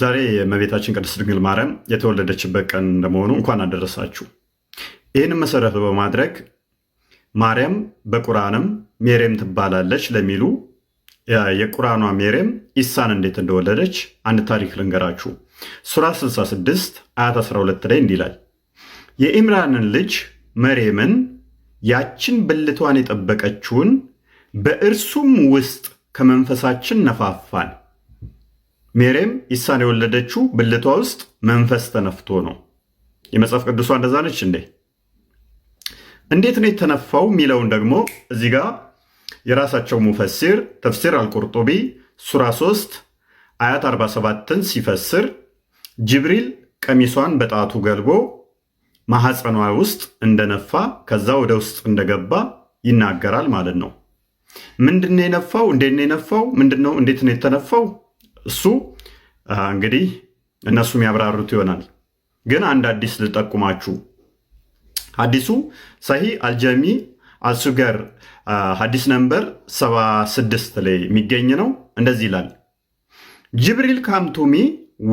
ዛሬ የእመቤታችን ቅድስት ድንግል ማርያም የተወለደችበት ቀን እንደመሆኑ እንኳን አደረሳችሁ። ይህንም መሰረት በማድረግ ማርያም በቁርአንም ሜሬም ትባላለች ለሚሉ የቁርአኗ ሜሬም ኢሳን እንዴት እንደወለደች አንድ ታሪክ ልንገራችሁ። ሱራ 66 አያት 12 ላይ እንዲህ ይላል፣ የኢምራንን ልጅ መሬምን ያችን ብልቷን የጠበቀችውን በእርሱም ውስጥ ከመንፈሳችን ነፋፋን ሜሪም ኢሳን የወለደችው ብልቷ ውስጥ መንፈስ ተነፍቶ ነው። የመጽሐፍ ቅዱሷ እንደዛ ነች እንዴ? እንዴት ነው የተነፋው የሚለውን ደግሞ እዚህ ጋ የራሳቸው ሙፈሲር ተፍሲር አልቁርጡቢ ሱራ 3 አያት 47ን ሲፈስር ጅብሪል ቀሚሷን በጣቱ ገልቦ ማሐፀኗ ውስጥ እንደነፋ ከዛ ወደ ውስጥ እንደገባ ይናገራል ማለት ነው። ምንድን ነው የነፋው? እንዴት ነው የነፋው? ምንድን ነው እንዴት ነው የተነፋው? እሱ እንግዲህ እነሱም ያብራሩት ይሆናል። ግን አንድ አዲስ ልጠቁማችሁ። አዲሱ ሰሂ አልጀሚ አልሱገር ሀዲስ ነምበር 76 ላይ የሚገኝ ነው። እንደዚህ ይላል ጅብሪል ካም ቱ ሚ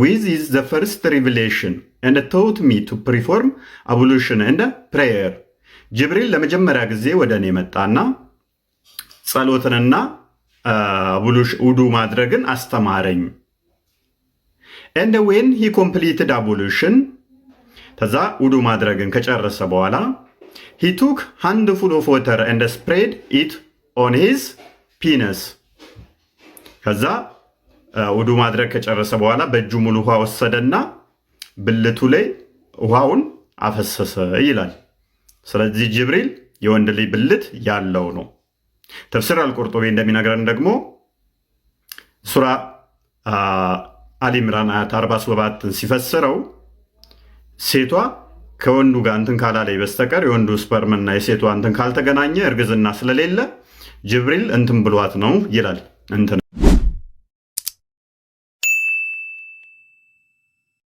ዊዝ ኢዝ ዘ ፈርስት ሪቪሌሽን እንደ ተውት ሚ ቱ ፕሪፎርም አቮሉሽን እንደ ፕሬየር ጅብሪል ለመጀመሪያ ጊዜ ወደ እኔ መጣና ጸሎትንና ውዱ ማድረግን አስተማረኝ። ኤንድ ዌን ሂ ኮምፕሊትድ አቦሉሽን ከዛ ውዱ ማድረግን ከጨረሰ በኋላ ሂ ቱክ ሃንድ ፉል ኦፍ ወተር ኤንድ ስፕሬድ ኢት ኦን ሂዝ ፒነስ ከዛ ውዱ ማድረግ ከጨረሰ በኋላ በእጁ ሙሉ ውሃ ወሰደና ብልቱ ላይ ውሃውን አፈሰሰ ይላል። ስለዚህ ጅብሪል የወንድ ልጅ ብልት ያለው ነው። ተፍሲር አልቆርጦቤ እንደሚነግረን ደግሞ ሱራ አሊምራን አያት 47 ሲፈስረው ሴቷ ከወንዱ ጋር እንትን ካላለይ በስተቀር የወንዱ ስፐርምና የሴቷ እንትን ካልተገናኘ እርግዝና ስለሌለ ጅብሪል እንትን ብሏት ነው ይላል እንትን